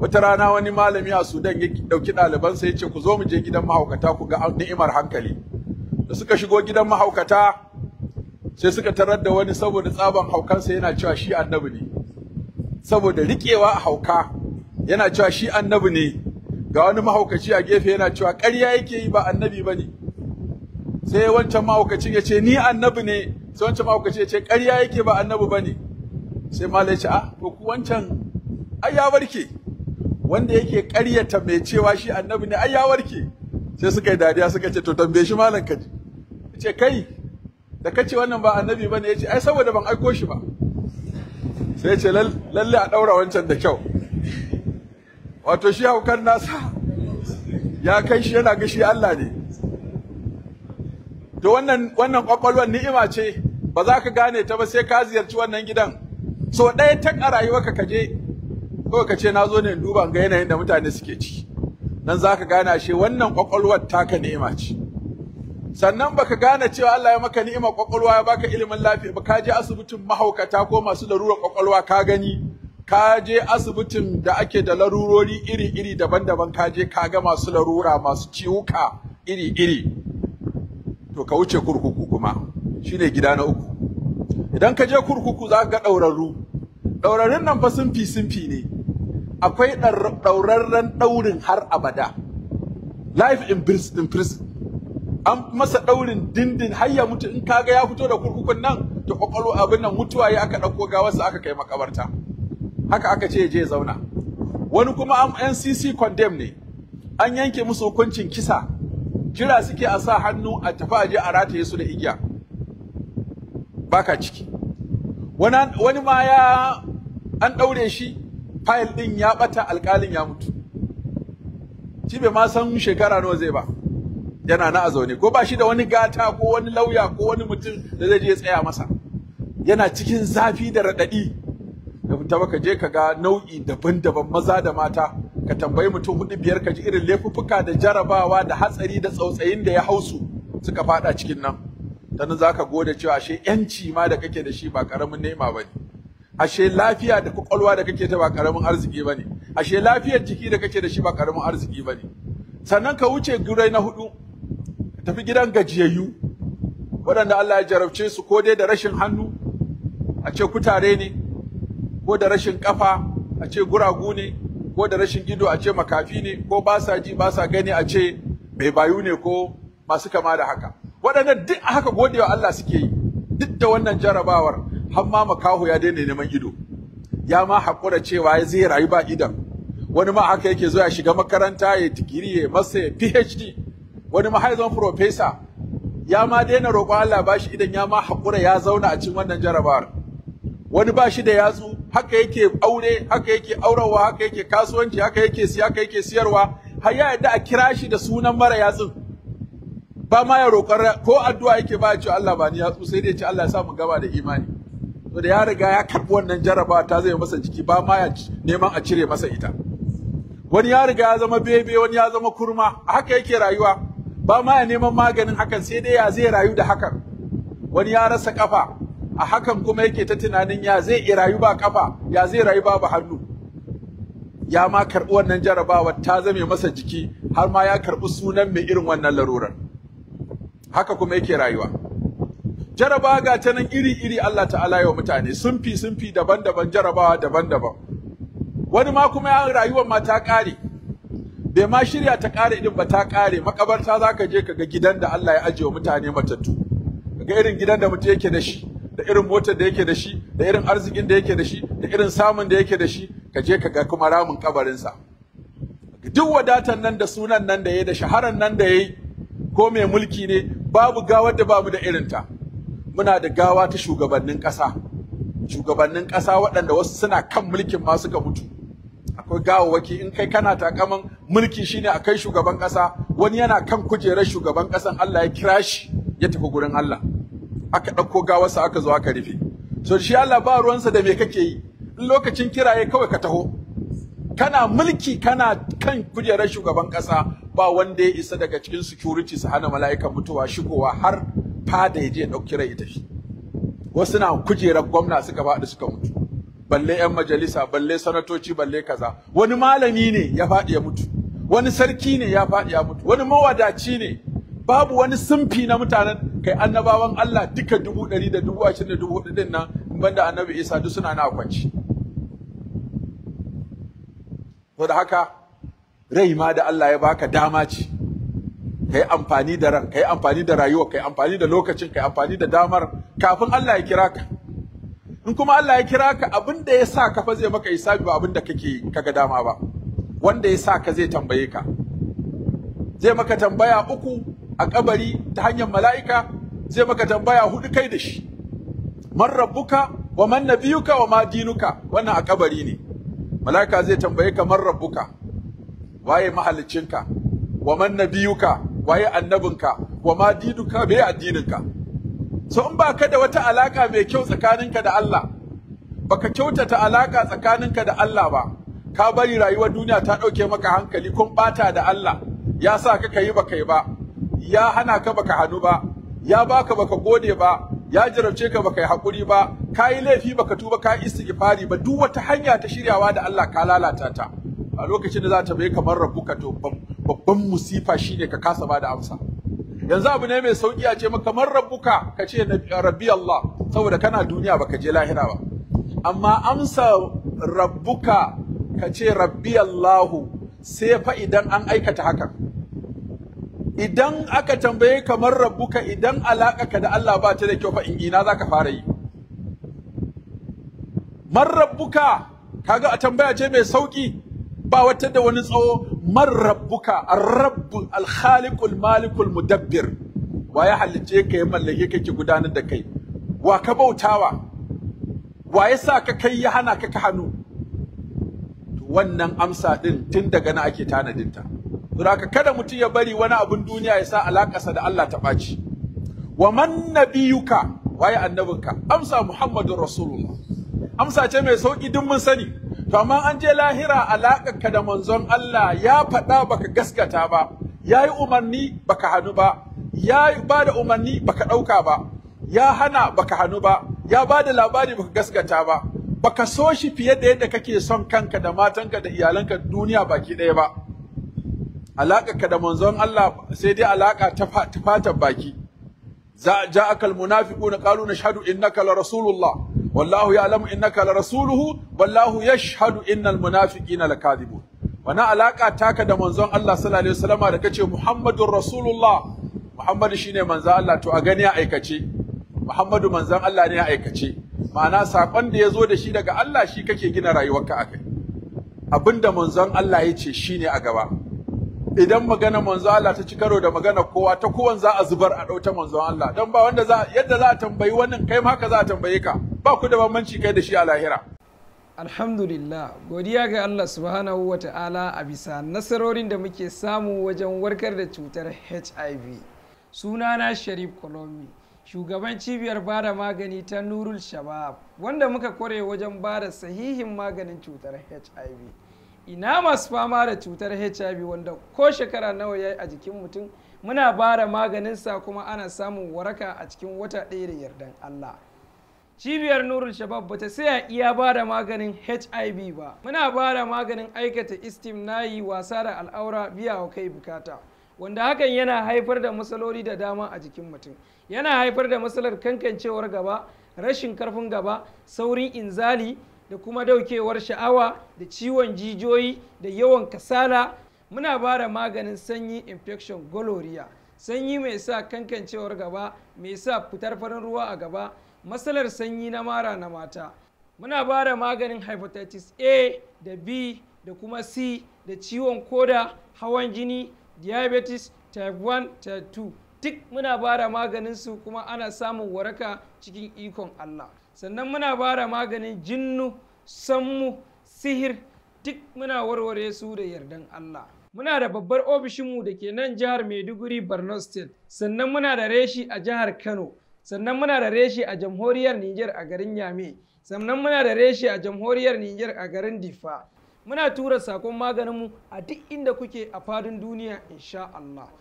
wata rana wani malami a Sudan ya dauki ɗalibansa ya ce ku zo mu je gidan mahaukata ku ga ni'imar hankali da suka shigo gidan mahaukata sai suka tarar da wani saboda tsaban haukansa yana cewa shi annabi ne saboda riƙewa a hauka yana cewa shi annabi ne ga wani mahaukaci a gefe yana cewa ƙarya yake yi ba annabi ba ne sai wancan mahaukacin ya ce ni annabi ne sai wancan mahaukacin ya ce ƙarya yake ba annabi ba ne sai malai ce a, ah, ko ku wancan ai ya barke wanda yake ƙaryata mai cewa shi annabi ne ai ya warke sai suka yi dariya suka ce to tambaye shi malam kaji ce kai da kace wannan ba annabi bane yace ai saboda ban aiko shi ba sai ce lalle a daura wancan da kyau wato shi haukar nasa ya kai shi yana gashi Allah ne to wannan wannan kwakwalwar ni'ima ce ba za ka gane ta ba sai ka ziyarci wannan gidan so ɗaya ta a rayuwarka ka je kawai ka ce na zo ne in duba ga yanayin da mutane suke ci nan za ka gane ashe wannan kwakwalwar taka ni'ima ce sannan baka gane cewa Allah ya maka ni'ima kwakwalwa ya baka ilimin lafiya ba ka je asibitin mahaukata ko masu larurar kwakwalwa ka gani ka je asibitin da ake da larurori iri-iri daban-daban ka je ka ga masu larura masu ciwuka iri-iri to ka wuce kurkuku kuma shine gida na uku idan ka je kurkuku za ka ga ɗaurarru ɗaurarrun nan fa sun fi sun fi ne akwai ɗaurarren ɗaurin har abada life in prison, an masa ɗaurin dindin har ya mutu in kaga ya fito da kurkukun nan to kwakwalwa abin nan mutuwa ya aka ɗauko wasu aka kai makabarta haka aka ce je zauna wani kuma an NCC condemn ne an yanke musu hukuncin kisa kira suke a sa hannu a tafi aje a rataye su da igiya baka ciki wani ma ya an ɗaure shi fayil din ya bata alkalin ya mutu shi bai ma san shekara nawa zai ba yana na a ko ba shi da wani gata ko wani lauya ko wani mutum da zai je tsaya masa yana cikin zafi da raɗaɗi Ka fita ka je ka ga nau'i daban-daban maza da mata ka tambayi mutum hudu biyar ka ji irin laifuffuka da jarabawa da hatsari da tsautsayin da ya hausu suka faɗa cikin nan Tani za ka gode cewa ashe yanci ma da kake da shi ba karamin nema ba ne ashe lafiya da kwakwalwa da kake ta ba karamin arziki bane ashe lafiyar jiki da kake da shi ba karamin arziki bane sannan ka wuce gurai na hudu tafi gidan gajiyayyu waɗanda Allah ya jarabce su ko dai da rashin hannu a ce kutare ne ko da rashin kafa a ce guragu ne ko da rashin ido a ce makafi ne ko ba sa ji ba sa gani a ce bai bayu ne ko masu kama da haka waɗannan duk haka godewa Allah suke yi duk da wannan jarabawar har ma makaho ya daina neman ido ya ma haƙura cewa zai rayu ba idan wani ma haka yake zuwa shiga makaranta ya digiri ya masa PhD wani ma har zama professor ya ma daina roƙon Allah bashi idan ya ma haƙura ya zauna a cikin wannan jarabawar wani ba shi da yatsu haka yake aure haka yake aurawa haka yake kasuwanci haka yake siya haka yake siyarwa har ya yadda a kira shi da sunan mara yatsun ba ma ya roƙar ko addu'a yake ba ya ce Allah ba ni yatsu sai dai ya ce Allah ya sa mu gaba da imani da ya riga ya karɓi wannan jaraba ta zai masa jiki ba ma ya neman a cire masa ita wani ya riga ya zama bebe wani ya zama kurma a haka yake rayuwa ba ma ya neman maganin hakan sai dai ya zai rayu da hakan wani ya rasa kafa a hakan kuma yake ta tunanin ya zai iya rayu ba kafa ya zai rayu ba hannu ya ma karɓi wannan jarabawa ta zame masa jiki har ma ya karɓi sunan mai irin wannan larurar haka kuma yake rayuwa jaraba ga ta nan iri-iri Allah ta'ala wa mutane sunfi sunfi daban-daban jarabawa daban-daban wani ma kuma ya rayuwar ma ta ƙare bai ma shirya ta ƙare din ba ta ƙare makabarta za ka je ka ga gidan da Allah ya ajiye wa mutane matattu ga irin gidan da mutum yake da shi da irin motar da yake da shi da irin arzikin da yake da shi da irin samun da yake da shi ka je ka ga kuma ramin kabarinsa duk wadatan nan da sunan nan da ya da shaharan nan da ya yi ko mai mulki ne babu gawar da babu da irinta. ta muna da gawa ta shugabannin ƙasa shugabannin ƙasa waɗanda wasu suna kan mulkin ma suka mutu akwai gawawaki in kai kana takaman mulki shine akai shugaban ƙasa wani yana kan kujerar shugaban ƙasan Allah ya kira shi ya tafi gurin Allah aka ɗauko gawarsa aka zo aka rufe so shi Allah ba ruwansa da me kake yi in lokacin kiraye kawai ka taho kana mulki kana kan kujerar shugaban ƙasa ba wanda ya isa daga cikin security su hana mala'ika mutuwa shigowa har fada ya dauki ɗauki rai tafi wasu na kujerar gwamna suka faɗi suka mutu balle yan majalisa balle sanatoci balle kaza wani malami ne ya faɗi ya mutu wani sarki ne ya faɗi ya mutu wani mawadaci ne babu wani sumfi na mutanen kai annabawan Allah duka dubu ɗari da dubu ashirin da dubu hudu din nan banda annabi Isa duk suna na kwanci saboda haka rai ma da Allah ya baka dama ce kai amfani da kai amfani da rayuwa kai amfani da lokacin kai amfani da damar kafin Allah ya kira ka in kuma Allah ya kira ka abin da ya sa ka fa zai maka hisabi ba abin da kake kaga dama ba wanda ya sa ka zai tambaye ka zai maka tambaya uku a kabari ta hanyar mala'ika zai maka tambaya hudu kai da shi man rabbuka wa man nabiyuka wa ma dinuka wannan a kabari ne mala'ika zai tambaye ka man rabbuka waye mahalicinka wa man nabiyuka waye annabinka wa ma diduka me addininka so in baka da wata alaka mai kyau tsakaninka da Allah baka kyautata alaka tsakaninka da Allah ba ka bari rayuwar duniya ta dauke maka hankali kun bata da Allah ya sa ka kai baka yi ba ya hana ka baka hannu ba ya baka baka gode ba ya jarabce ka baka yi hakuri ba ka laifi baka tuba ka istighfari ba duk wata hanya ta shiryawa da Allah ka lalata ta a lokacin da za ta bai kamar ka to babban musifa shine ka kasa bada amsa yanzu abu ne mai sauki a ce maka man rabbuka ka ce rabbi Allah saboda kana duniya baka je lahira ba amma amsa rabbuka ka ce rabbi Allah sai fa idan an aikata haka idan aka tambaye kamar rabbuka idan ka da Allah ba ta da kyau fa ingina ina zaka fara yi man rabbuka kaga a tambaya ce mai sauƙi. ba wata da wani tsawo man rabbuka ar-rabb al-khaliq al mudabbir wa ya halice ka ya mallake kake gudanar da kai wa ka bautawa wa ya sa ka kai ya hana ka ka hannu wannan amsa din tun daga na ake tanadin ta kada mutum ya bari wani abun duniya ya sa sa da Allah ta ɓaci wa man nabiyuka waye annabinka amsa muhammadur rasulullah amsa ce mai sauki duk mun sani to an je lahira ka da manzon Allah ya faɗa baka gaskata ba ya yi umarni baka hannu ba ya ba da umarni baka ɗauka ba ya hana baka hannu ba ya ba da labari baka gaskata ba baka so shi fiye da yadda kake son kanka da matanka da iyalanka duniya baki ɗaya ba ka da manzon Allah sai dai alaƙa ta fatan baki za a na ƙalu qalu in na kala rasulullah wallahu ya'lamu innaka la rasuluhu wallahu yashhadu innal munafiqina lakadibun wani alaka taka da manzon Allah sallallahu alaihi wasallama da kace Muhammadur Rasulullah Muhammadu shine manzon Allah to a gani a aikace Muhammadu manzon Allah ne a aikace ma'ana sakon da yazo da shi daga Allah shi kake gina rayuwarka akai abinda manzon Allah ya ce shine a gaba idan magana manzon Allah ta ci karo da magana kowa ta kowan za a zubar a dauta manzon Allah dan ba wanda za yadda za a tambayi wannan kai ma haka za a tambaye ka ba ku da bambanci kai da shi a lahira alhamdulillah godiya ga allah subhanahu wa ta'ala a bisa nasarorin da muke samu wajen warkar da cutar hiv sunana sharif kolomi shugaban cibiyar bada magani ta nurul shabab wanda muka kware wajen bada sahihin maganin cutar hiv ina masu fama da cutar hiv wanda ko shekara nawa ya yi a jikin mutum muna bada maganinsa kuma ana samun waraka a cikin wata ɗaya da yardan allah cibiyar nurul shabab bata saya iya ba da maganin hiv ba muna ba da maganin aikata istim nayi wasa da al'aura biya wa kai bukata wanda hakan yana haifar da matsaloli da dama a jikin mutum yana haifar da matsalar kankancewar gaba rashin karfin gaba saurin inzali da kuma daukewar sha'awa da ciwon jijiyoyi da yawan kasala muna ba da maganin sanyi infection goloria sanyi mai sa kankancewar gaba mai sa fitar farin ruwa a gaba matsalar sanyi na mara na mata muna ba da maganin hepatitis a da b da kuma c da ciwon koda hawan jini diabetes type 1 type 2 duk muna ba da maganin su kuma ana samun waraka cikin ikon allah sannan muna ba da maganin jinnu sammu sihir duk muna warware su da yardan allah muna da babbar ofishinmu da ke nan jihar maiduguri borno state sannan muna da reshi a jihar kano sannan muna da reshe a jamhuriyar Nijar a garin Yame sannan muna da reshe a jamhuriyar Nijar a garin Difa muna tura sakon maganinmu a duk inda kuke a fadin duniya insha Allah